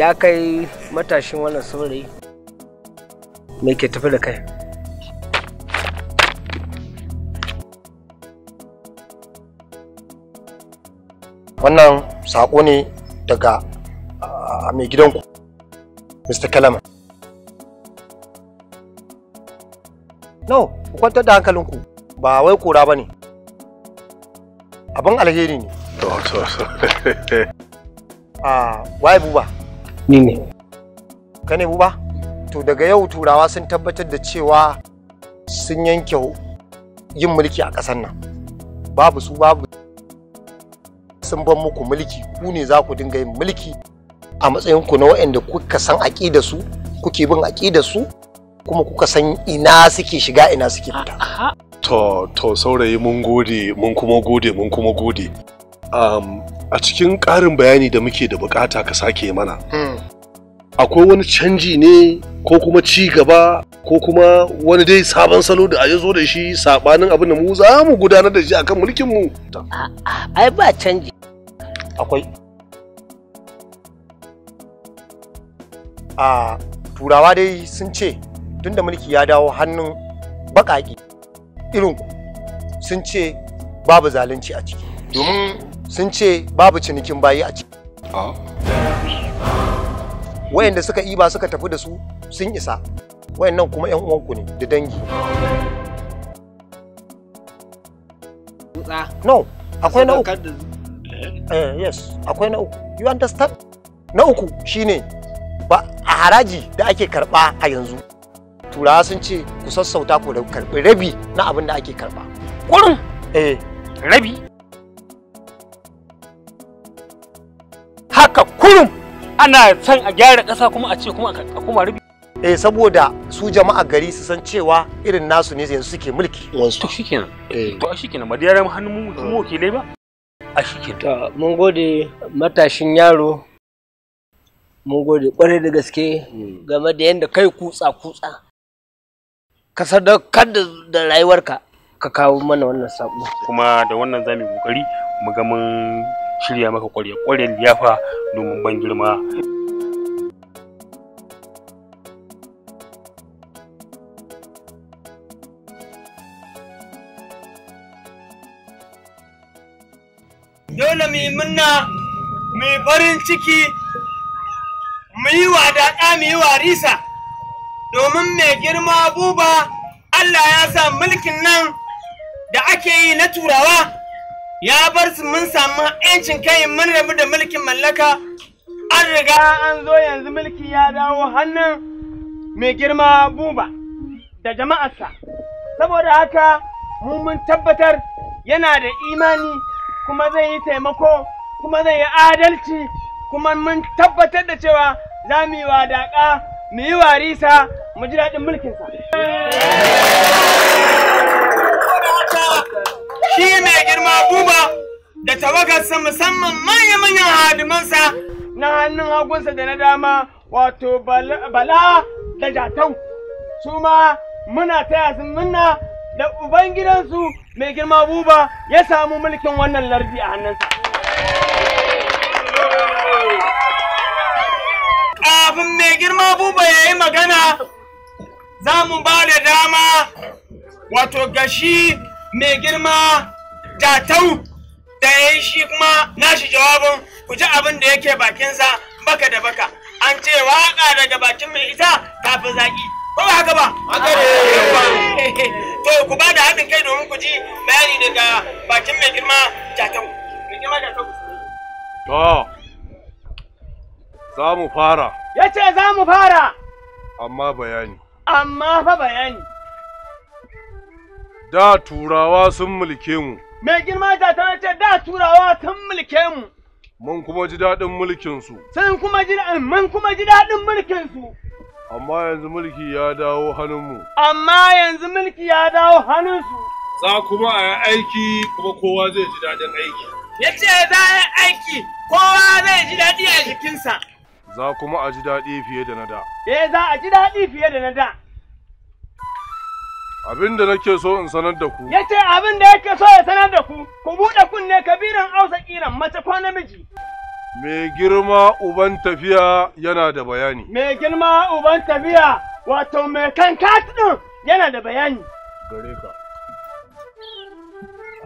ya kai matashin wannan saurayi me ke tafi da kai wannan saƙo ne daga ah, mai gidanku mr kalama no ku kwantar da hankalinku ba wai kura ba ne abin alheri ne ah, wai buba Ni ne. kane buba? To daga yau turawa sun tabbatar da cewa sun yanke yin mulki a ƙasar nan. Babu su babu sun ban muku mulki ku ne za ku dinga yin mulki a matsayin ku na waɗanda kuka san aƙida su kuke bin aƙida su kuma kuka san ina suke shiga ina suke fita. To to saurayi mun gode mun kuma gode mun kuma gode. Um, a cikin ƙarin bayani da muke da bukata ka sake mana hmm. akwai wani canji ne ko kuma ci gaba ko kuma wani dai sabon salo da ya zo da shi sabanin abin da mu za mu gudanar da shi akan mulkin mu ai ba canji akwai a turawa dai sun ce tunda mulki ya dawo hannun baƙaƙi irin sun ce babu zalunci a ciki domin sun ce babu cinikin bayi a ciki ah. wayanda suka iba suka tafi da su sun isa wayannan kuma yan uwanku ne da dangi no akwai na uku eh yes akwai na uku you understand na uku shine ba a haraji da ake karba a yanzu turawa sun ce ku sassauta ku da karbi rabi na abin da ake karba kurin eh rabi haka kurum ana son a gyara ƙasa kuma a ce kuma a kuma rubi eh saboda su jama'a gari su san cewa irin nasu ne yanzu suke mulki to shikenan eh. to shikenan ba da yaran hannun mu ah. wakilai ba a shikenan mun gode matashin yaro mun gode kwarai da gaske hmm. game da yadda kai kutsa kutsa ka sadaukar da rayuwarka ka kawo mana wannan sako kuma da wannan zamu kokari mu ga mun shirya maka ƙwarya liyafa domin ban girma. Dole mu yi munna mu yi farin ciki mu yi wadaƙa mu yi warisa domin mai girma buba Allah ya sa mulkin nan da ake yi na turawa ya bar su mun samu yancin kai mun rabu da mulkin mallaka an riga an zo yanzu mulki ya dawo hannun mai girma buba da jama'arsa saboda haka mu mun tabbatar yana da imani kuma zai yi taimako kuma zai yi adalci kuma mun tabbatar da cewa za mu yi wadaƙa mu yi warisa mu ji daɗin mulkinsa. shi mai girma buba da tawagarsa musamman manya-manyan hadimansa na hannun hagunsa da na dama wato bala da jatau su ma muna taya su muna da ubangidansu mai girma buba ya samu mulkin wannan lardi a hannunsa kafin mai girma buba ya yi magana za mu ba da dama wato gashi mai girma ja-tau, da ya shi kuma nashi jawabin ku ji abin da yake bakinsa baka da baka an ce waka daga bakin mai ita fi zaki ko ba haka ba to ku ba da haɗin kai domin ku ji bayani daga bakin mai girma da tau to za mu fara ya ce za mu fara amma bayani amma fa bayani da turawa sun mulke mu. Mai girma da ta ce da turawa sun mulke mu. Mun kuma ji daɗin mulkinsu. Sun kuma ji mun kuma ji daɗin mulkinsu. Amma yanzu mulki ya dawo hannunmu. Amma yanzu mulki ya dawo hannunsu. Za kuma a yi aiki kuma kowa zai ji daɗin aiki. Ya ce za a yi aiki kowa zai ji daɗi a jikinsa. Za kuma a ji daɗi fiye da na da. Eh za a ji daɗi fiye da na da. Abin da nake so in sanar da ku. Yace abin da yake so ya sanar da ku, ku buɗe kunne kabiran Hausa kiran mace ko namiji. Mai girma uban tafiya yana da bayani. Mai girma uban tafiya wato mai kan ɗin yana da bayani. Gare ka.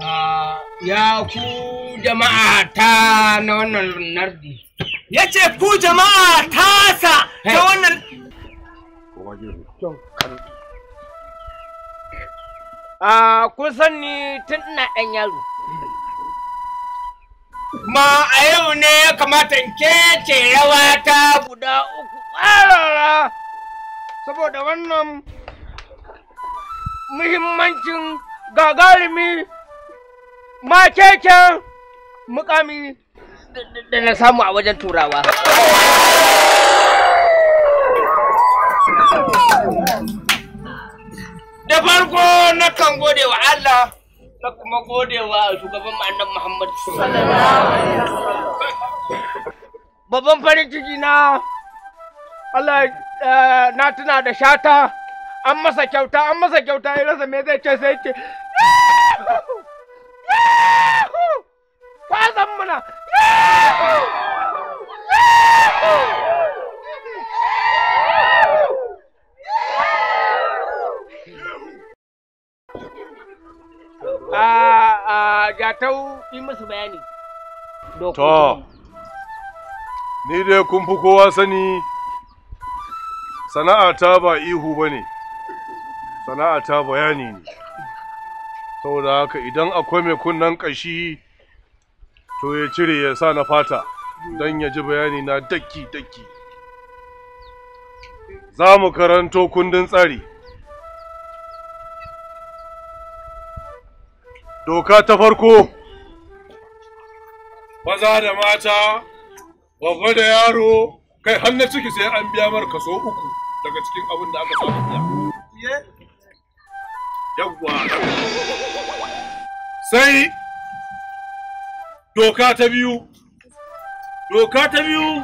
Ah, ya ku jama'a ta na wannan nardi. Ya ce ku jama'a ta sa ta wannan. A kun san ni tun ina ɗan yaro. Ma a yau ne ya kamata in kece rawa ta guda uku ƙwarara saboda wannan muhimmancin gagarumi ma keken mukami da na samu a wajen turawa. da farko na kan gode wa Allah na kuma gode wa shugaban annan Muhammadu. babban farin ciki na Allah eh, na tuna da shata an masa kyauta an masa kyauta ya rasa me zai ce sai ce ka san muna a ni dai kun fi kowa sani sana'a ta ba ihu ba ne ta bayani ne saboda haka idan akwai mai kunnen ƙashi to ya cire ya sa na fata don ya ji bayani na daki-daki za mu karanto kundin tsari Doka ta farko, maza da mata, babba da yaro, kai hannun ciki sai an biya mar kaso uku daga cikin abin da aka samu biya. Yawwa. Sai doka ta biyu, doka ta biyu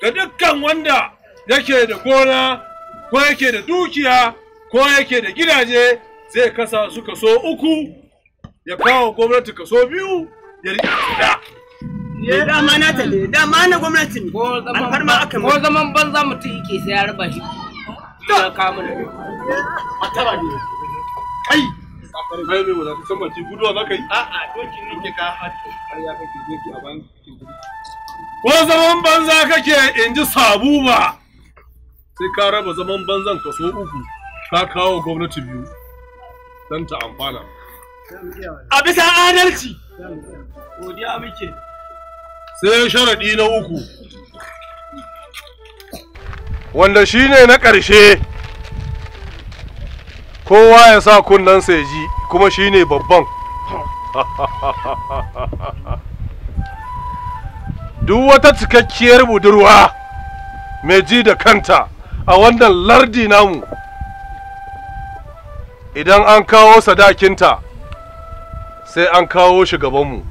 ga dukkan wanda yake da gona ko yake da dukiya ko yake da gidaje zai kasa su kaso uku ya kawo gwamnati kaso biyu ya riƙa ya dama na ta ne dama na gwamnati ne alfarma aka ko zaman banza mutum yake sai ya raba shi to kamuna mataba ne kai kai mai wata san ba guduwa gudu za ka yi a doki ne ke ka hatu har ya kake je a bayan ko zaman banza kake in ji sabu ba sai ka raba zaman banzan kaso uku ka kawo gwamnati biyu don ta amfana a bisa adalci godiya muke sai sharaɗi na uku wanda shi ne na ƙarshe kowa ya sa kunnensa ya ji kuma shi ne babban duk wata cikakkiyar budurwa mai ji da kanta a wannan lardi namu idan an kawo sadakinta sai an kawo shi gabanmu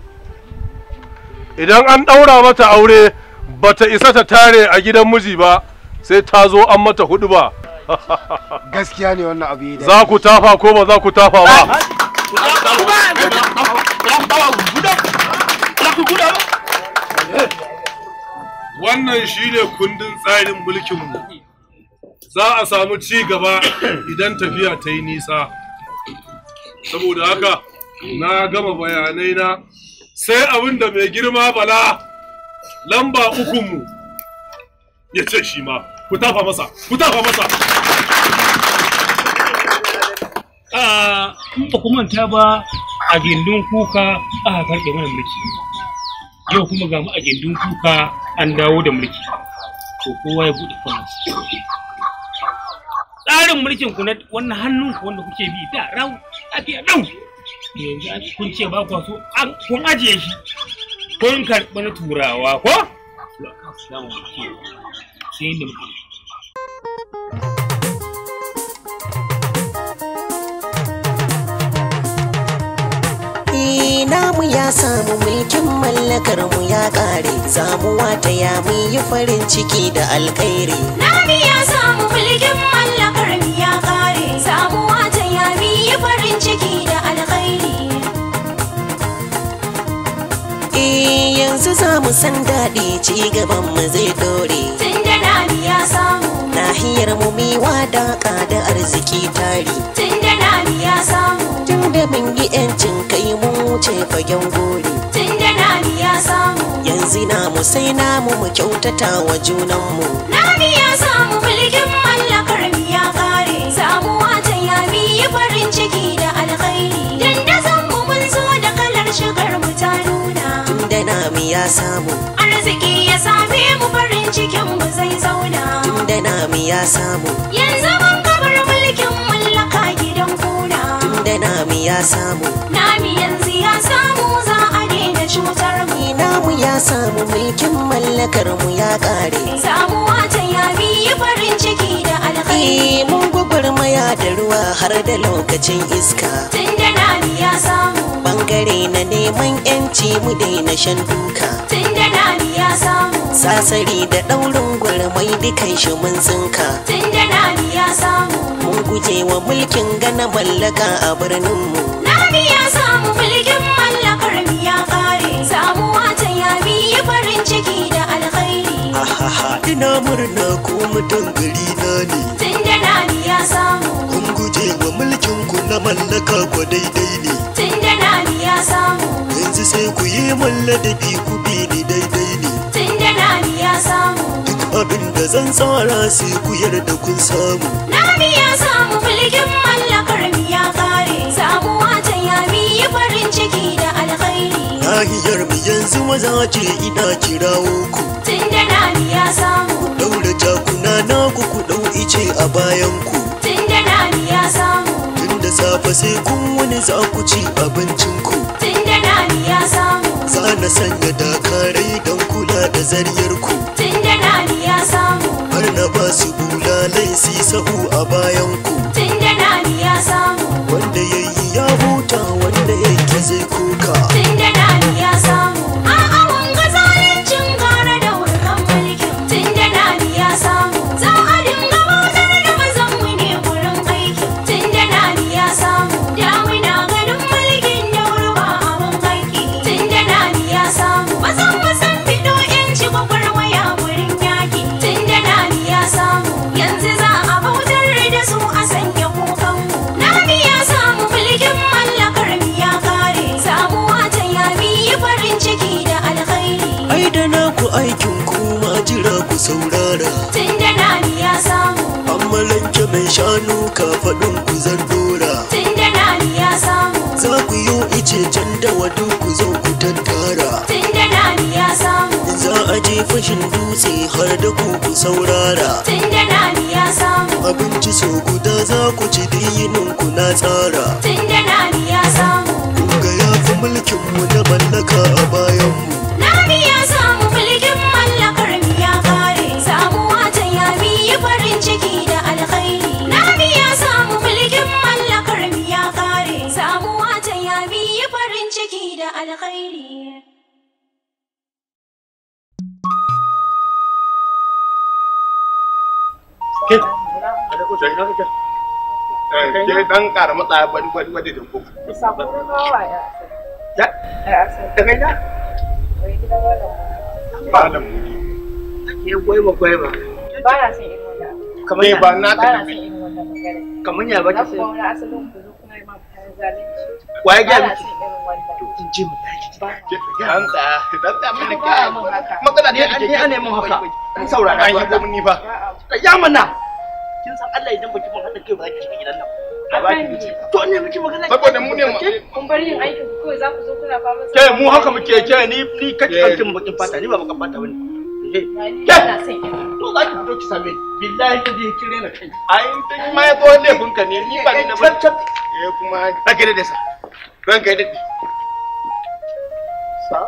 idan an ɗaura mata aure bata isa ta tare a gidan miji ba sai ta zo an mata hudu ba gaskiya ne wannan abu za ku tafa ko ba za ku tafa ba wannan shi ne kundin tsarin mulkinmu za a samu ci gaba idan tafiya ta yi nisa saboda haka na gama bayanai na sai abin da mai girma bala lamba ukunmu ya ce shi ma ku tafa masa ku tafa masa ah, in ba manta ba a gindin kuka aka karɓe mana mulki yau kuma ga mu a gindin kuka an dawo da mulki to kowa ya buɗe kuma. tsarin mulkin ku na wannan hannun ku wanda kuke bi da rau lafiya rau yanzu kun ce ba kwa so an kun ajiye shi kun karɓi na turawa ko namu ya samu mulkin mallakar mu ya kare samu ta ya yi farin ciki da alkhairi namu ya samu mulkin mallakar mu ya kare zamuwa yi farin ciki da alkhairi eh yanzu za mu san daɗi ci gaban mu zai dore tun da rami ya samu nahiyar mu mi wadaka da arziki tari tun da ya samu tun da mun yi ƴancin kai mu wuce fagen gori tun da ya samu yanzu na mu sai namu mu kyautata wa junanmu Nami ya samu mulkin mallakar mu ya kare samu ciki da alkhairi dandazon mu mun zo da kalar shigar mu ta nuna tunda nami ya samu arziki ya same mu farin cikin mu zai zauna tunda nami ya samu yanzu mun kabar mulkin mallaka gidan kuna tunda nami ya samu nami yanzu ya samu za a daina cutar mu namu ya samu mulkin mallakar mu ya kare samuwa ta yi farin ciki ai mun gwagwarmaya da ruwa har da lokacin iska tun da ya samu bangare na neman yanci mu daina shan duka tun da rani ya samu sasari da daurin gwarmai dukan shi mun zinka. tun da ya samu mun guje wa mulkin gana mallaka a birnin mu Nami ya samu mulkin mallakar ya kare samuwa ta yabi farin ciki da alkhairi ina murna ko mutum gari na ne mallaka ku daidai ne tun da nani ya samu yanzu sai ku yi malladabi ku bi ni daidai ne tun da nani ya samu duk abin da zan tsara sai ku yarda kun samu nani ya samu mulkin mallakar mi ya kare samuwa ta yami yi farin ciki da alkhairi nahiyar mu yanzu maza ce ina kirawo ku tun da nani ya samu daura jakuna na ku ku dau ice a bayan ku tun da nani ya samu safe sai kun wani za ku ci abincin ku tun da ya samu za na sanya dakarai don kula da zariyar ku tun da ya samu har na ba su bulalai su sahu a bayan ku tun da ya samu wanda ya yi ya huta wanda yake zai kuka tun da tun da nani ya samu amalanke mai shanu kafaɗin ku zan dora tun da nani ya samu za ku yi ice can da wadu ku zo ku tattara tun da nani ya samu za a je fashin dutse har da ku ku saurara tun da nani ya samu abinci so guda za ku ci diyinin ku na tsara tun da nani ya samu kun ga fi mulkinmu na mallaka a bayanmu ita eh, ke ba da ba na ba na ba ba mana kin san Allah idan baki mun kai ba za ki shiga gidan nan ba ki to ne magana mu ne bar yin aikin kawai za ku zo kuna fama mu haka muke ni ni kake kankin bakin fata ni ba bakin fata bane to za ki fito ki same ni billahi ki je ki rena kai ai ma ya zo ka ne ni ba ni na ba eh, eh kuma gida da sa ranka sa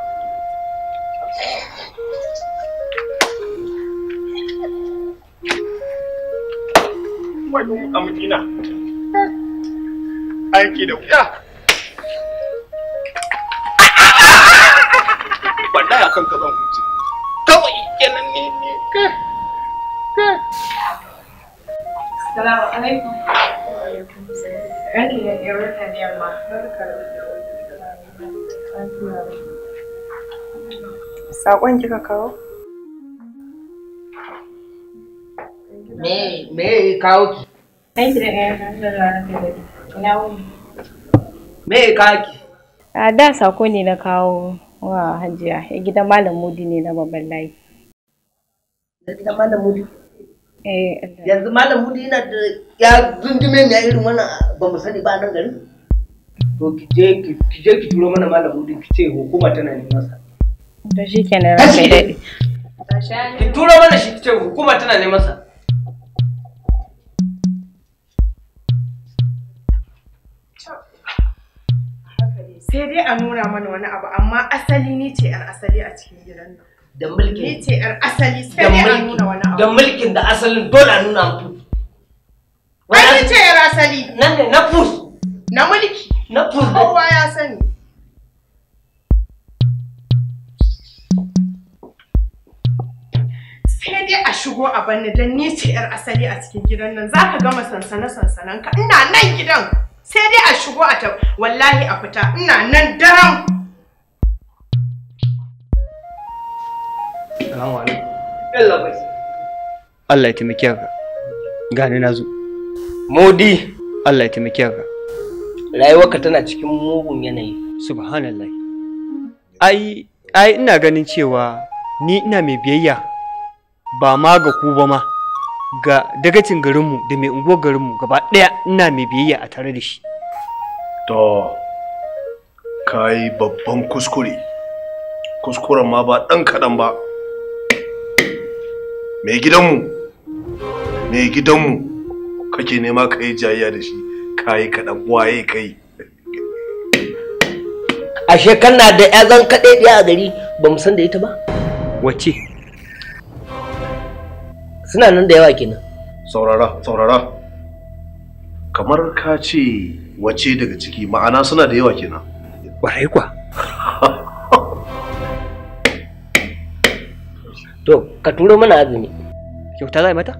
wajen amkina aiki da wuya wallahi akan ka zan huce kawai kenan ne ne ka ka alaikum. Saƙon kika kawo? Me, me kawo ki? Aiki A da sako ne na kawo wa Hajiya, ya gidan Malam Mudi ne na babban layi. Gidan Malam Mudi? Eh, Yanzu Malam Mudi yana da ya zundume ne irin wannan ba mu sani ba nan gari. To ki je ki turo mana Malam Mudi ki ce hukuma tana neman sa. To shikenan eh, ranka daɗi. Ki turo mana shi ki ce hukuma tana neman sa. sai dai a nuna mana wani abu amma asali ni ce yar asali a cikin gidan nan da mulkin ni ce yar asali sai dai a nuna wani abu da mulkin da asalin dole a nuna mutu ai ni ce yar asali nan ne na fus na mulki na fus kowa ya sani sai dai a shigo a banni don ni ce yar asali a cikin gidan nan zaka gama sansane sansanen ka ina nan gidan sai dai a shigo a ta wallahi a fita ina nan daram Salamu alaikum. bai. Allah ya taimake ka. Gani na zo. Modi. Allah ya taimake ka. Rayuwarka tana cikin mugun yanayi. Subhanallah. Ai ai ina ganin cewa ni ina mai biyayya ba ma ga ku ba ma. ga dagacin garinmu da mai unguwar garinmu gaba ɗaya ina mai biyayya a tare da shi to ka yi babban kuskure kuskuren ma ba ɗan kaɗan ba mai gidanmu mai gidanmu kake nema ka yi jayayya da shi ka yi kaɗan waye ka yi ashe kana da 'ya zan kaɗai ɗaya a gari ba san da ita ba wace suna nan da yawa kenan saurara saurara kamar ka ce wace daga ciki ma'ana suna da yawa kenan kwarai kwa to ka turo mana azumi kyauta za mata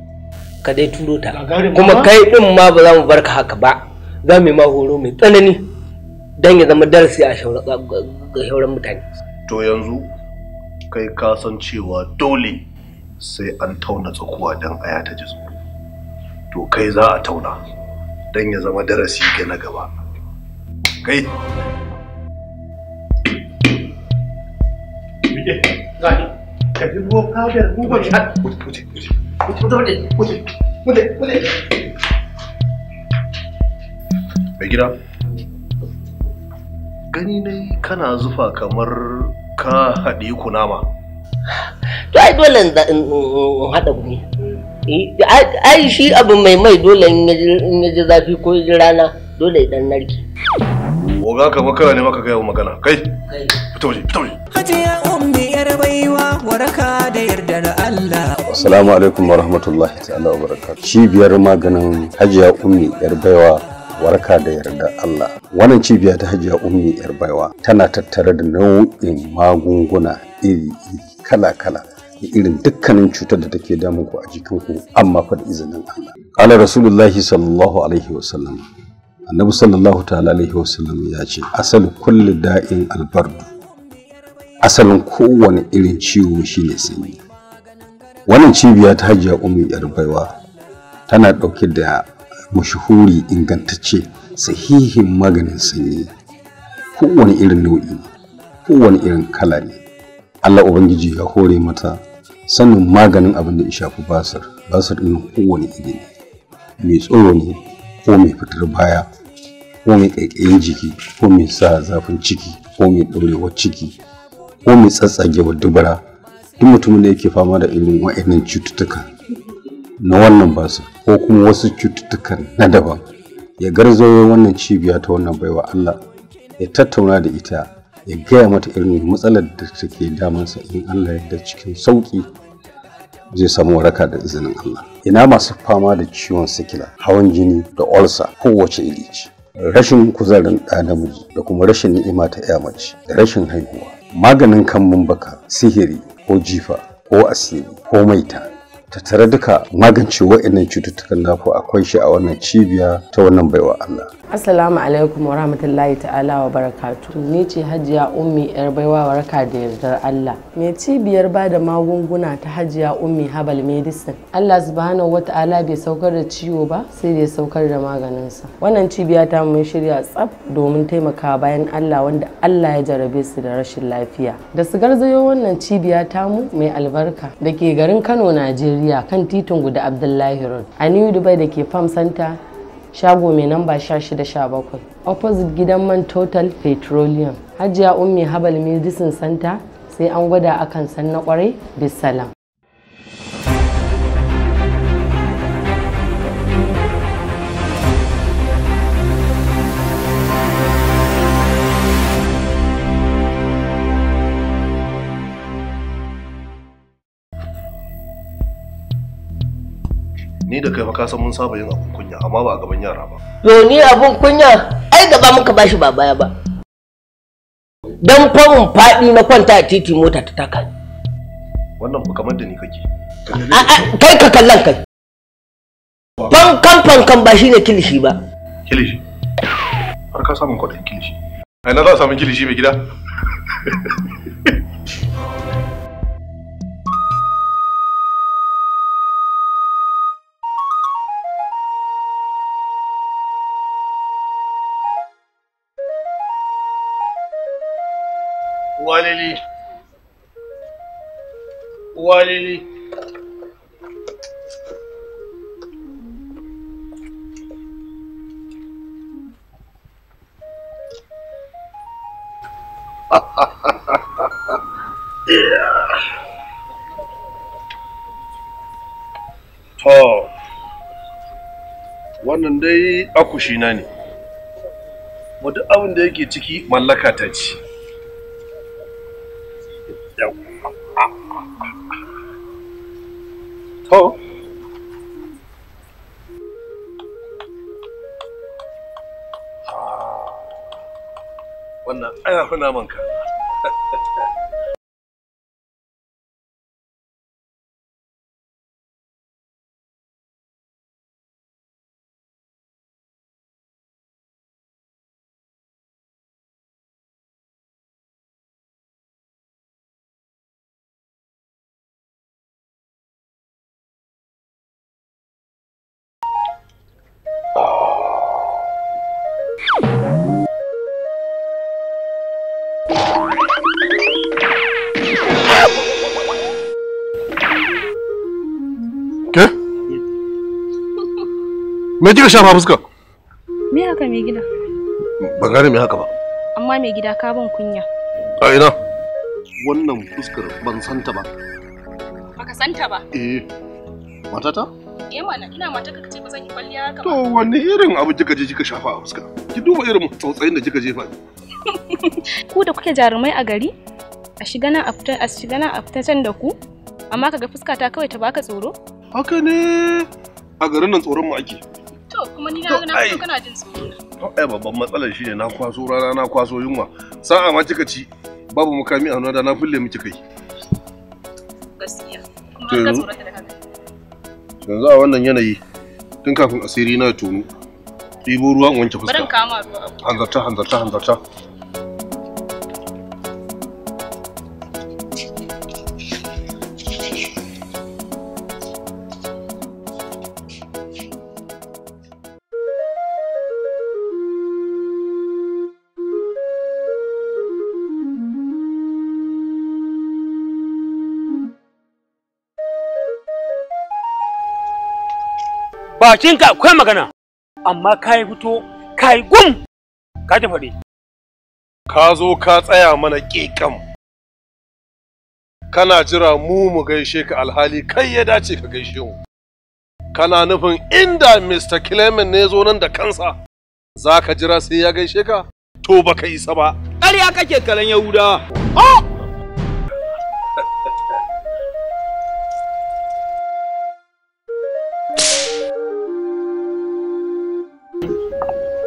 ka dai turo ta kuma kai din ma ba za mu barka haka ba za mu yi mahoro horo mai tsanani don ya zama darasi a shauran mutane to yanzu kai ka san cewa dole sai an tauna tsakuwa don aya ta ji to kai za a tauna don ya zama darasi ga na gaba kai mai gani ne kana zufa kamar ka haɗe kunama to ai dole in haɗa kuɗi ai shi abu mai mai dole in ji zafi ko ya ji rana dole idan narki oga ka makara ne maka gaya magana kai fito waje fito waje ya ummi yar baiwa waraka da da Allah assalamu alaikum warahmatullahi ta'ala wa barakatuh cibiyar maganin hajiya ummi yar baiwa waraka da yarda Allah wannan cibiya ta hajiya ummi yar baiwa tana tattare da nau'in magunguna iri-iri kala-kala da irin dukkanin cutar da take damun ku a jikinku amma fa da izinin Allah qala rasulullahi sallallahu alaihi wasallam annabi sallallahu ta'ala alaihi wasallam ya ce asal kulli da'in albardu asalin kowane irin ciwo shine sanyi wannan cibiya ta hajiya ummi yar baiwa tana dauke da mashuhuri ingantacce sahihin maganin sanyi kowane irin nau'i kowane irin kala ne Allah Ubangiji ya hore mata sanin maganin abin da ya shafi basar, basir ɗin kowane iri mai tsoro ne ko mai fitar baya ko mai ƙaiƙayin jiki ko mai sa zafin ciki ko mai ɗorewar ciki ko mai tsatsagewar dubara duk mutumin da yake fama da irin wa'annan cututtuka na wannan basir ko kuma wasu cututtukan na daban ya garzayo wannan cibiya ta wannan baiwa Allah ya tattauna da ita ya gaya mata irin matsalar da take damansa in Allah yadda cikin sauƙi zai samu waraka da izinin Allah. Ina masu fama da ciwon sikila, hawan jini da olsa kowace iri ce. Rashin kuzarin ɗa namiji da kuma rashin ni'ima ta ya mace da rashin haihuwa. Maganin kan baka, sihiri ko jifa ko asiri ko maita Ta tare duka magance wa'annan cututtukan naku akwai shi a wannan cibiya ta wannan baiwa Allah. Assalamu alaikum wa rahmatullahi ta'ala wa barakatu. Ni ce Hajiya Ummi yar baiwa waraka da yardar Allah. Mai cibiyar ba da magunguna ta Hajiya Ummi Habal Medicine. Allah subhanahu wa ta'ala bai saukar da ciwo ba sai da ya saukar da maganin sa. Wannan cibiya ta mun shirya tsaf domin taimaka bayan Allah wanda Allah ya jarabe su da rashin lafiya. Da su garzayo wannan cibiya ta mu mai albarka Dake garin Kano, Najeriya. Najeriya kan titin guda Abdullahi Road a New Dubai da ke Farm Center shago mai namba 1617 opposite gidan man Total Petroleum Hajiya Ummi Habal Medicine Center sai an gwada akan san na kwarai bisalam. ni da kai fa ka san mun saba yin abun kunya amma ba a gaban yara ba yo ni abun kunya ai gaba muka bashi ba baya ba dan kwamin faɗi na kwanta a titi mota ta taka wannan ba kamar da ni kake kai ka kallon kai fankan fankan ba shine kilishi ba kilishi har ka samun kwaɗin kilishi ai na za a samu kilishi mai gida walele wannan dai na ne, wadda abin da yake ciki mallaka ta ce. wannan ai naman ka me kika shafa fuska me haka me gida Ban gane me haka ba amma me gida ka ban kunya a ina wannan fuskar ban santa ba baka santa ba eh matata eh mana ina mata ka ce ba zan yi kwalliya haka ba to wani irin abu kika je kika shafa a fuska ki duba irin tsautsayin da kika jefa ku da kuke jarumai a gari a shiga nan a fita a shiga nan a fita can da ku amma kaga fuskata kawai ta baka tsoro haka ne a garin nan tsoron mu ake kuma ni na ga kana jin tsoro to ai babban matsalar shine na kwaso rana na kwaso yunwa sa'a ma kika ci babu mukami a da na fulle miki kai gaskiya kuma ka yanzu a wannan yanayi tun kafin asiri na ya tono ɗibo ruwan wanke fuska hanzarta hanzarta hanzarta bakinka akwai magana amma ka fito ka yi gum ka ta faɗi. Ka zo ka tsaya mana ƙiƙam. Kana jira mu mu gaishe ka alhali kai ya dace ka gaishe mu. Kana nufin inda Mr. Clement ne zo nan da kansa za ka jira sai ya gaishe ka? To baka isa ba. Ƙarya kake kalan Yahudawa. Oh!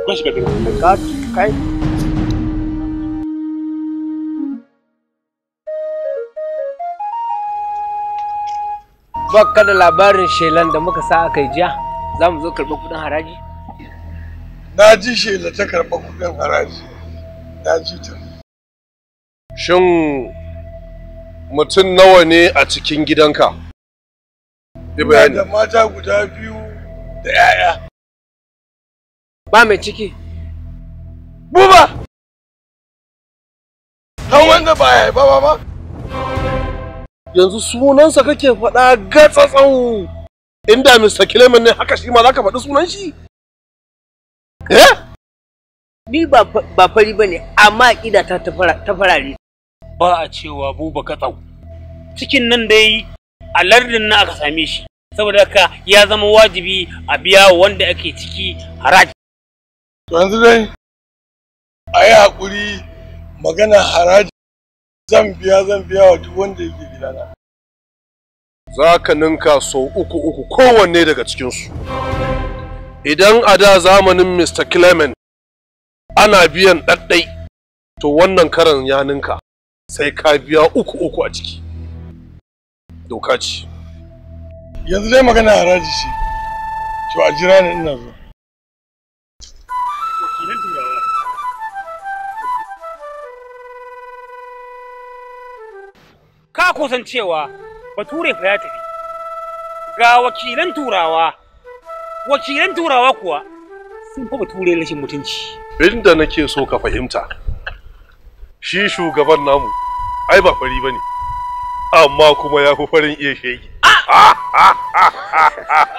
Mun shiga dare. Ka da labarin shelan da muka sa aka yi jiya, za mu zo karɓar kuɗin haraji? Na ji shela ta karɓar kuɗin haraji, na ji ta. Shin mutum nawa ne a cikin gidanka? Da mata guda biyu da 'ya'ya. ba mai ciki buba Kan wanda ba ya ba ba yanzu sunansa kake faɗa gatsatsau inda Mr. Kileman ne haka shi ma za ka faɗi sunan shi? Eh? Ni ba fari ba ne, amma ƙida ta ta farare. Ba a cewa buba katsau. Cikin nan yi, a lardin na aka same shi, saboda haka ya zama wajibi a biya wanda ake ciki haraji. to yanzu dai a yi haƙuri magana haraji zan biya zan biya wa duk wanda yake gidana za ka ninka sau uku uku kowanne daga cikinsu idan a da zamanin mr clement ana biyan ɗaɗɗai to wannan karan ya ninka sai ka biya uku uku a ciki doka ce yanzu dai magana haraji ce to a jira ne ina zuwa ka kusan cewa bature fa ya tafi ga wakilan turawa wakilan turawa kuwa sun fa bature rashin mutunci inda nake so ka fahimta shi shugaban namu ai ba fari bane amma kuma ya fi farin iya shege ah!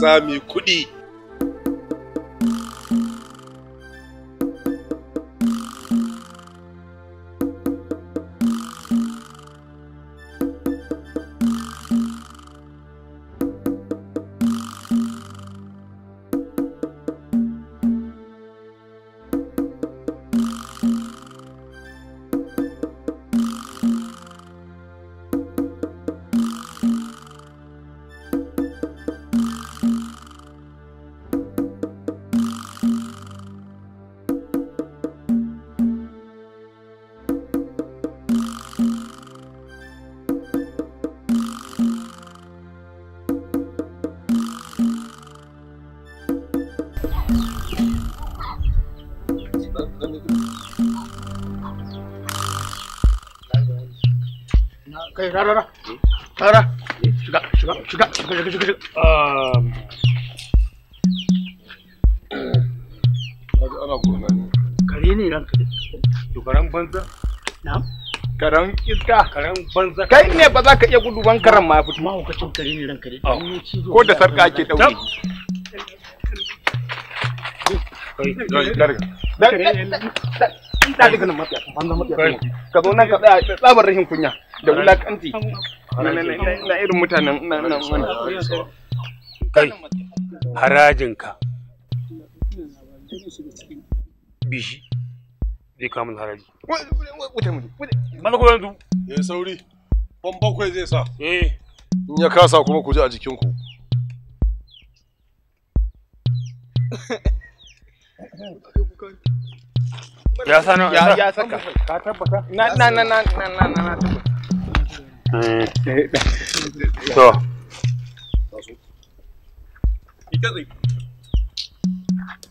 mu mai kuɗi iska banza kai ne ba za ka iya gudu ban ma fito ma ka ne ranka dai ko da sarka ake daure nan ka tsabar kunya da na irin mutanen nan kai harajinka bishi zai haraji. Wuta Mana kuma yanzu ya eh, sauri ban bakwai zai sa eh in ya kasa kuma ku ji a jikinku ya sano ya saka ka tabbata na na na na na na na eh. to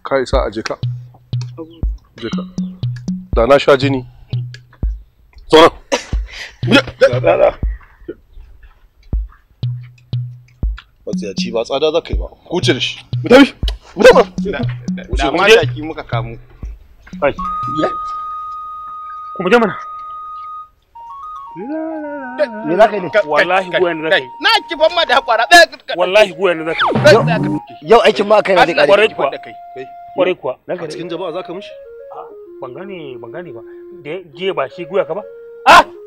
ka isa a jika jika da na sha jini zo matsiyaci ba tsada za ka yi ba kuce da shi mu tafi mu tafi da ma jaki muka kamu ai ku je mana me za ka yi za ka yi na ki ban ma da wallahi za ka yi yau aikin ma kai na zai kare kwarai kuwa kwarai kuwa a cikin jama'a za ka mishi ah, ban gane ban gane ba da jiya ba shi guya ka ba ah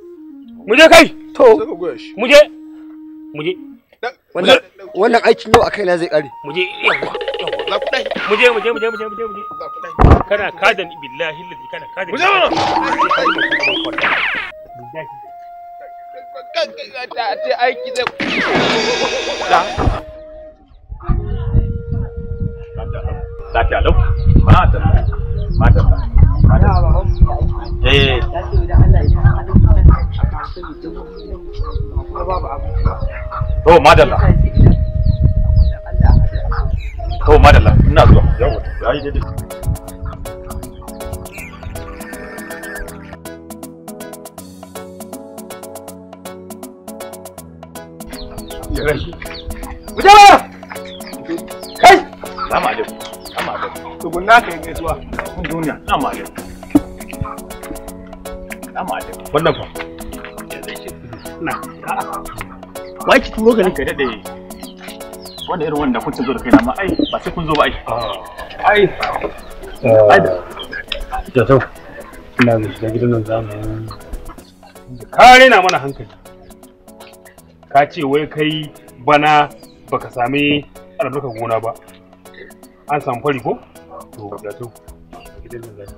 mu je kai to mu je wannan wannan aikin yau a kaina zai kare mu je yawa muje. mu je mu je mu je mu je mu je mu je kana kadan billahi lillahi kana kadan mu je ta aiki zai lafiya ta eh to madalla to madalla ina zuwa yayi Mujaba! Kai! Salamu alaikum. Salamu alaikum. Tukunna kai gaisuwa. duniya salamu alaikum salamu alaikum wannan fa na wai ki turo kai dade wannan irin wanda kun zo da kai na ma ai ba sai kun zo ba ai ai ah. da ina shiga gidan nan zamanin ka rena mana hankali ka ce wai kai bana baka sami albarkar gona ba an samu fari ko to da gidan nan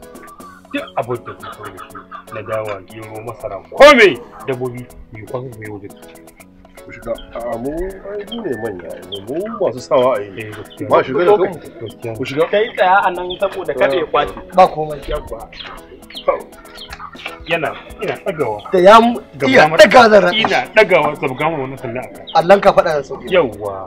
duk abin da kuka da shi na dawa gero masara komai dabobi mai kwan mai wajen ku shiga a ne manya mu masu sawa a yi eh, ba shiga da kan ku shiga kai tsaya a nan saboda kada ya kwace ba komai yabba yana ina dagawa da ya iya daga zan ina dagawa sabgama wani sallah Allah ka faɗa da sauki yawwa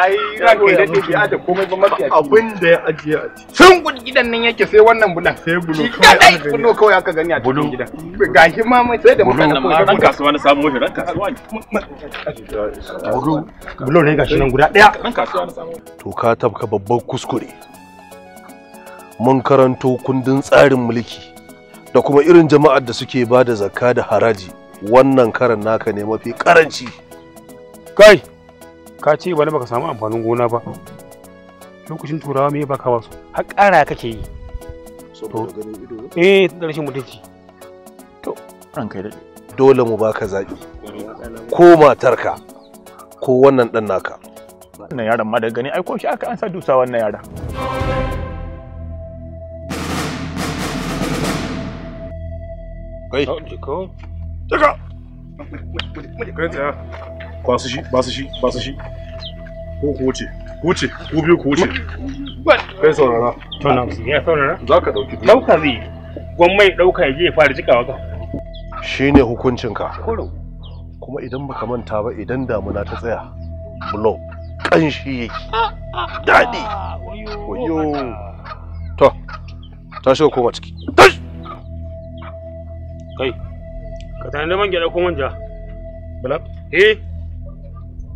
ai ranka da take a da komai ba mafi abin da ya ajiye a ciki sun gudu gidan nan yake sai wannan bulan sai bulo kawai bulo kawai aka gani a cikin gidan gashi ma mai sai da mutane ko ran kasuwa na samu shi ran kasuwa ne bulo ne gashi nan guda daya ran kasuwa na samu to ka tabka babban kuskure mun karanto kundin tsarin mulki da kuma irin jama'ar da suke ba da zakka da haraji wannan karan naka ne mafi karanci kai ka ce ba ne baka samu amfanin gona ba lokacin turawa me baka ba su har ƙara kake yi to eh da rashin mutunci to ranka da dole mu baka zabi ko matarka ko wannan dan naka wannan yaran ma da gani ai ko shi aka an sa dusa wannan yaran kai jika Basu shi, basu shi, basu shi. Ko ku wuce, ku wuce, ku biyu ku wuce. Kai saurara. To na ya saurara. Za ka ɗauki. Dauka zai gwammai dauka ya je ya fara jikawa ka. Shi ne hukuncinka. Kuro. Kuma idan baka manta ba idan damuna ta tsaya, bulo, ƙanshi yake. Daɗi. Wayo. To, tashi ko koma ciki. Tashi! Kai, ka tani da man gyaɗa ko manja. Bala? Eh.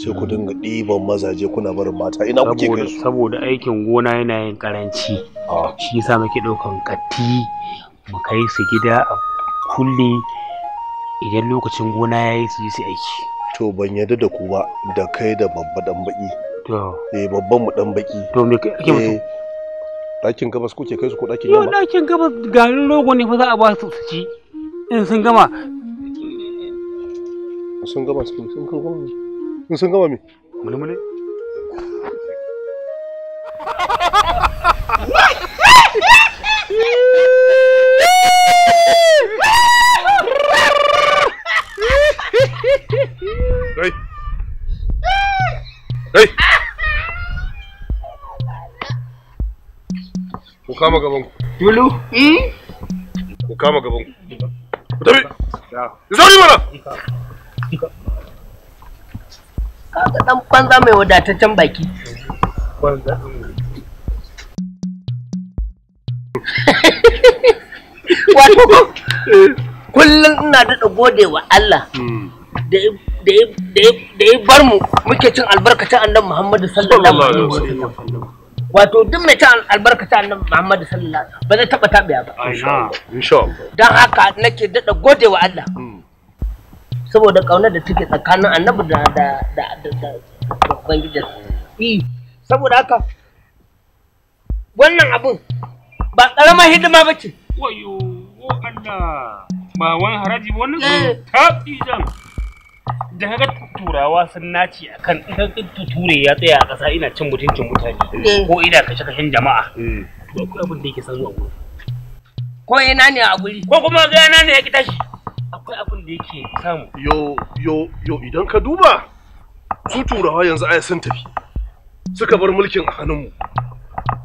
sai ku dinga ɗiban mazaje kuna barin mata ina kuke kai su saboda aikin gona yana yin karanci ah. shi yasa muke ɗaukan katti mu kai su gida a kulle idan lokacin gona ya yi su yi su aiki to ban yarda da ku ba da kai da babba dan baki to eh babban mu dan baki to me kake mutu dakin eh, gabas kuke kai su ko dakin yamma yo dakin gabas garin rogo ne fa za a ba su su ci in sun gama sun gama sun gama in sun gama me mulmuli Hey! Ku kama gaban ku. Tulu? Hmm? Ku kama gaban ku. Ku tafi! Zauri mana! kaga dan kwanza mai wadataccen baki wato eh. kullum ina daɗa gode wa Allah hmm. da ya bar mu muke cin albarkacin annabi Muhammadu sallallahu alaihi wasallam wato duk mai cin albarkacin annabi Muhammadu sallallahu alaihi wasallam ba zai taɓa taɓiya ba insha Allah dan haka nake daɗa gode wa Allah hmm. saboda ƙaunar da take tsakanin annabi da da da da eh saboda haka wannan abun ba ƙaramar hidima ba ce wayo o Allah ba wani haraji ba wannan eh. tafi zan da ga turawa sun naci akan idan ture ya tsaya a ƙasa ina cin mutuncin mutane eh. ko ina kashe kashen jama'a eh. to akwai abin da yake sanuwa ko ina ne a guri ko kuma ga ina ne ya ki tashi akwai abin da yake samu yo yo yo idan ka duba su turawa yanzu ai sun tafi suka bar mulkin a hannunmu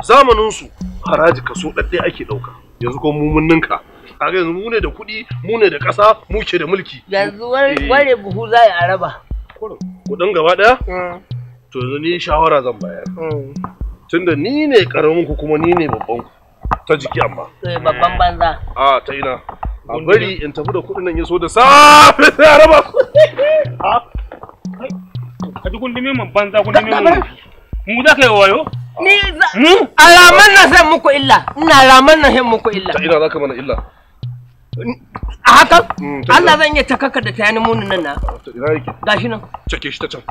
zamanin su haraji kaso ɗaɗɗe ake ɗauka yanzu ko mu mun ninka kaga yanzu mu ne da kuɗi mu ne da ƙasa mu ke da mulki yanzu eh. ware buhu za a raba kuɗin gaba ɗaya hmm. to yanzu ni shawara zan bayar hmm. tunda ni ne karamin ku kuma ni ne babban ku ta jiki amma babban banza a ta ina a bari in tafi da kuɗin nan ya so da safe sai a raba su ka ji gundume man banza gundume man mu za ka yi wayo ni za hmm? a raman nan sai muku illa ina raman nan sai muku illa ta ina za ka mana illa a haka hmm, Allah zan iya takaka da tayani munin nan na gashi nan cake shi ta can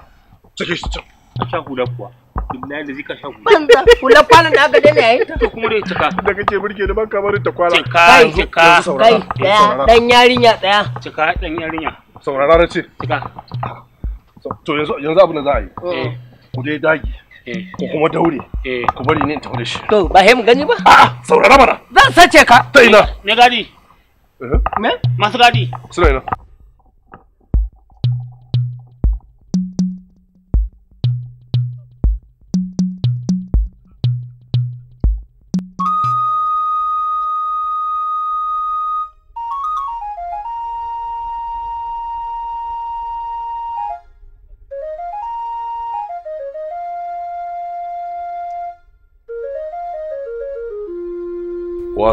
cake shi ta can a sha huda kuwa billahi da zika sha banza kula kwana na ga daina yayi to kuma dai cika da kake burge da banka barin ta kwana cika cika kai daya dan yarinya daya cika dan yarinya saurara na ce cika to yanzu yanzu abin da za a yi eh. ku dai dage eh. ko kuma daure eh. ku bari ne in tafi da shi to ba hem gani ba a'a saurara mana zan sace ka ta ina ne gadi me masu gadi suna ina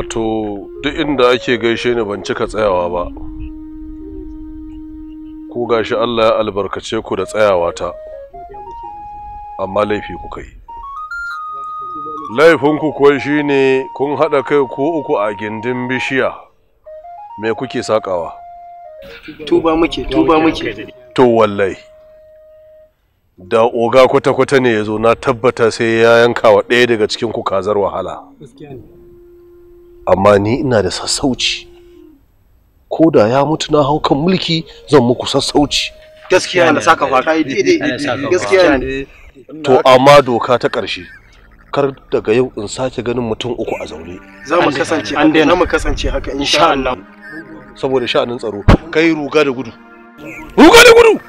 wato duk inda ake gaishe ni ban cika tsayawa ba ku gashi Allah ya albarkace ku da tsayawa ta amma laifi ku kai laifinku kuwa ne kun haɗa kai ko uku a gindin bishiya me kuke sakawa tuba muke tuba muke to wallahi da oga kwata-kwata ne ya zo na tabbata sai ya yanka wa ɗaya daga cikin ku kazar wahala amma ni ina da sassauci ko da ya mutu na hau kan mulki zan muku sassauci gaskiya ne saka fara gaskiya ne to amma doka ta ƙarshe kar daga yau in sake ganin mutum uku a zaune za mu kasance an daina mu kasance haka insha Allah saboda sha'anin tsaro kai ruga da gudu ruga da gudu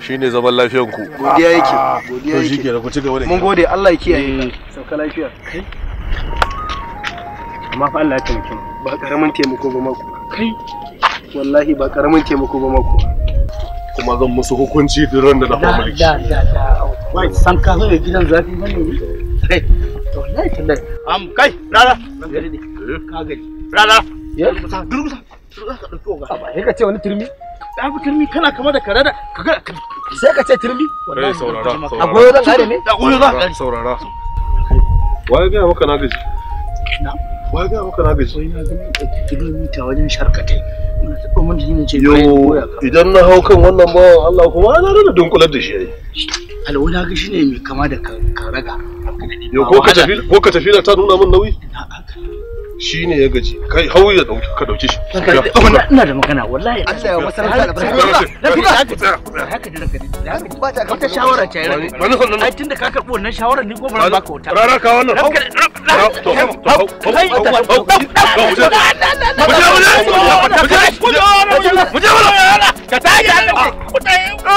shi ne zaman lafiyar ku godiya yake godiya yake mun gode Allah ya kiyaye eh, sauka lafiya amma fa Allah ya taimake mu ba karamin taimako ba mako kai wallahi ba karamin taimako ba mako kuma zan musu hukunci duk ran da na fa mulki da da da wai san ka zo gidan zafi bane kai wallahi tallahi am kai rara eh? ka gani rara ya durgusa durgusa ka dauki oga ba ce wani turmi da fi turmi kana kama da kare da kaga sai ka ce turmi wallahi eh, saurara a goyo zan kare ne da goyo zan saurara wai ga maka na gaji na'am wai na ina kilomita wajen sharkatai muna ce idan na hau kan wannan bawan Allah kuma ana rana dunkular da shi yayi alwala ga shine mai kama da karaga yo ko ka tafi ko ka tafi ta nuna min nauyi shi ne ya gaji kai hau ya dauki ka dauki shi ina da magana wallahi Allah ya da haka da ba ta shawara ta yi wani ai tunda ka karbo wannan shawara ni ko ba ka wuta rara ka wannan hau to hau hau hau hau hau hau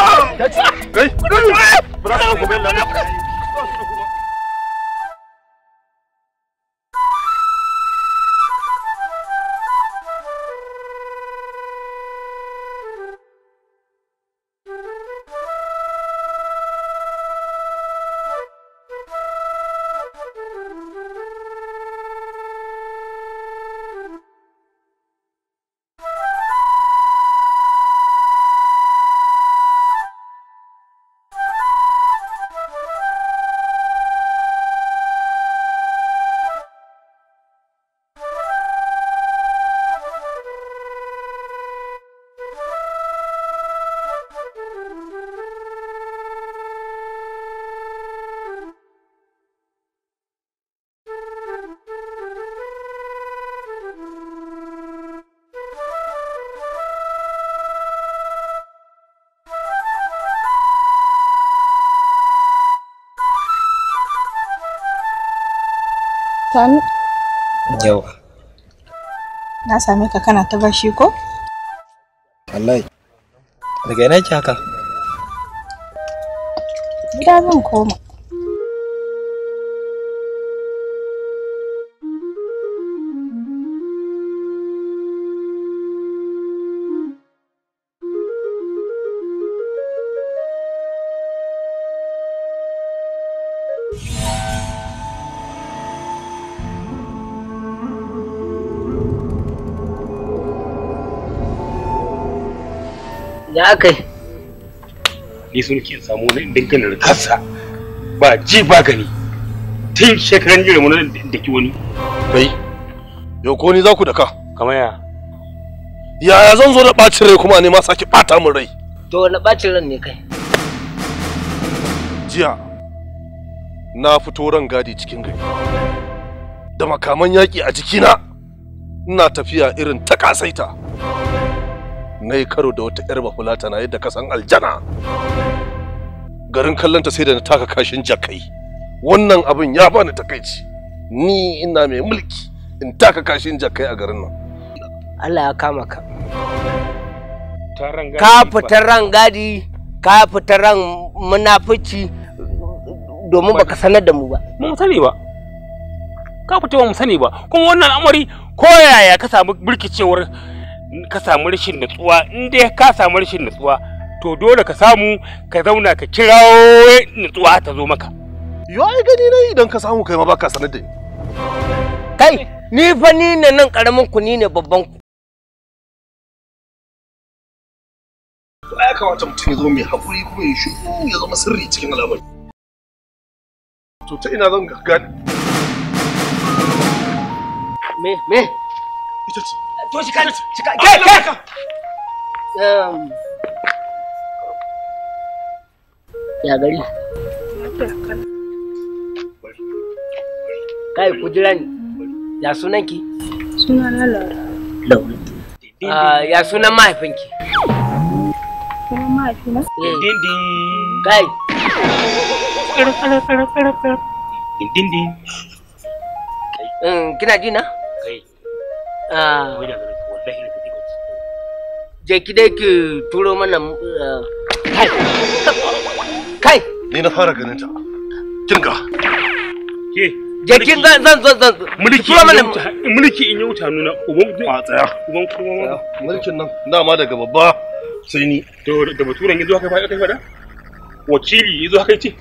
Tani? Yawa. Na same ka kana ta bashi ko? Wallahi. Daga ina ki haka? Gida zan koma. ya kai ni sun ke samu wani dangane da kansa ba ji ba gani tun shekaran jira wani da ki wani kai yau ko ni za ku daka? kamar ya yaya zan zo da bacin rai kuma ne ma sake bata min rai to na bacin ran ne kai jiya na fito ran gadi cikin gari da makaman yaƙi a jikina ina tafiya irin ta kasaita na yi karo da wata 'yar bafulata na yadda kasan aljana garin kallonta sai da na taka kashin jakai wannan abin ya bani takaici ni ina mai mulki in taka kashin jakai a garin nan Allah ya kama ka ka fita ran gadi ka fita ran munafici domin baka sanar da mu ba mu sani ba ka fita ba mu sani ba kuma wannan al'amari koyaya ka samu birkicewar in ka samu rashin nutsuwa in dai ka samu rashin nutsuwa to dole ka samu ka zauna ka kirawo nutsuwa ta zo maka yo ai gani na idan ka samu kai ma baka sanar da ni kai ni fa ni ne nan karamin ku ni ne babban ku to ai kamata mutum ya zo mai hakuri kuma ya shigo ya zama sirri cikin al'amari to ta ina zan gane me me ita ce to shi kan shi kan ke ke ya gari kai ku jira ni ya sunan ki suna na ah, ya sunan mahaifinki sunan mahaifina eh. kai kira kira kira kira kina din na Ah. je ki dai ki turo mana eh, kai kai ni na fara ganin ta kinga ke je kin zan zan zan zan mulki mana mulki in ya wuta nuna uban ba tsaya uban kuma mulkin nan dama daga babba sai ni to da baturan yanzu haka fa kai fada wakili yanzu haka ce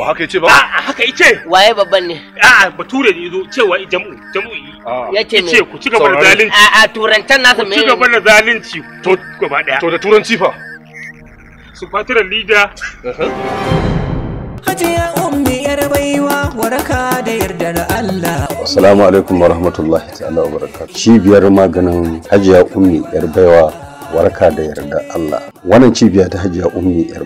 ba haka ce ba a haka ce waye babban ne a bature ne yazo cewa jam'u jam'u Ah. yake mai ku ci gaba da zalunci a turancan nasa mai ku ci gaba da zalunci to gaba daya to da turanci fa su fatiran lida Hajiya ummi yar baiwa waraka da yarda da Allah. Assalamu alaikum wa rahmatullahi ta'ala wa Cibiyar maganin Hajiya ummi yar baiwa waraka da yarda Allah. Wannan cibiya ta Hajiya ummi yar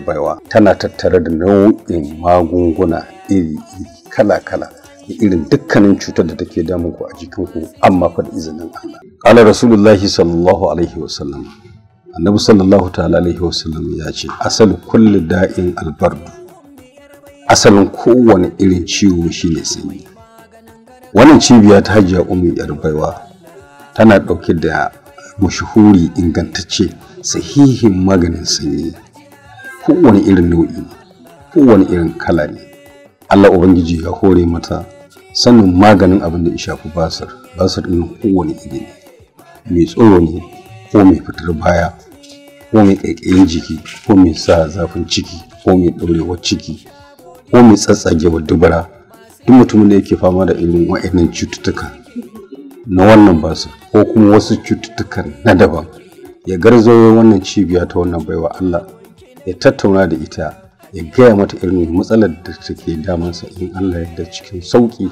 tana tattare da nau'in magunguna iri-iri kala-kala irin dukkanin cutar da take damun ku a jikinku amma fa da izinin Allah qala rasulullahi sallallahu alaihi wasallam annabi sallallahu ta'ala alaihi wasallam ya ce asal kulli da'in albardu asalin kowane irin ciwo shine sanyi wannan cibiya ta hajiya ummi yar baiwa tana dauke da mashuhuri ingantacce sahihin maganin sanyi kowane irin nau'i kowane irin kala ne Allah Ubangiji ya hore mata sanin maganin abin da ya shafi basir basir ɗin kowane iri mai tsoro ne ko mai fitar baya ko mai ƙaiƙayin jiki ko mai sa zafin ciki ko mai ɗaurewar ciki ko mai tsatsagewar dubara duk mutumin da yake fama da irin wa'annan cututtuka na wannan basar ko kuma wasu cututtukan na daban ya garzayo wannan cibiya ta wannan baiwa Allah ya tattauna da ita ya gaya mata irin matsalar da take damansa in Allah yadda cikin sauƙi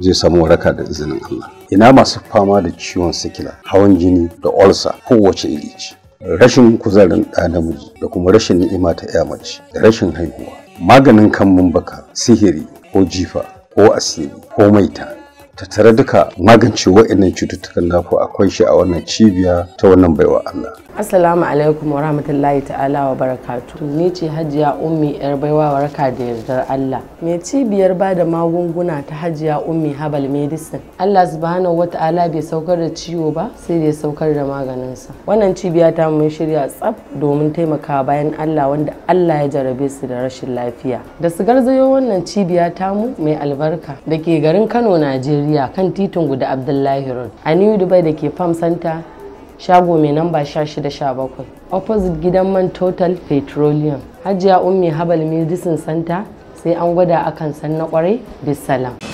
zai samu waraka da izinin Allah. Ina masu fama da ciwon sikila, hawan jini da olsa kowace iri ce. Rashin kuzarin ɗa namiji da kuma rashin ni'ima ta ya mace da rashin haihuwa. Maganin kan baka, sihiri ko jifa ko asiri ko maita tare duka magance wa'annan cututtukan naku akwai shi a wannan cibiya ta wannan baiwa Allah Assalamu alaikum wa rahmatullahi ta'ala wa barakatu. Ni ce Hajiya Ummi yar baiwa waraka da yardar Allah. Mai cibiyar ba da magunguna ta Hajiya Ummi Habal Medicine. Allah subhanahu wa ta'ala bai saukar da ciwo ba sai da ya saukar da maganinsa. Wannan cibiya ta mun shirya tsaf domin taimakawa bayan Allah wanda Allah ya jarabe su da rashin lafiya. Da su garzayo wannan cibiya ta mu mai albarka da ke garin Kano Najeriya kan titin Guda Abdullahi Road a New Dubai da ke Farm Center shago mai namba 1617 opposite gidan man total petroleum hajiya ummi habal medicine center sai an gwada akan san na kwarai bisalam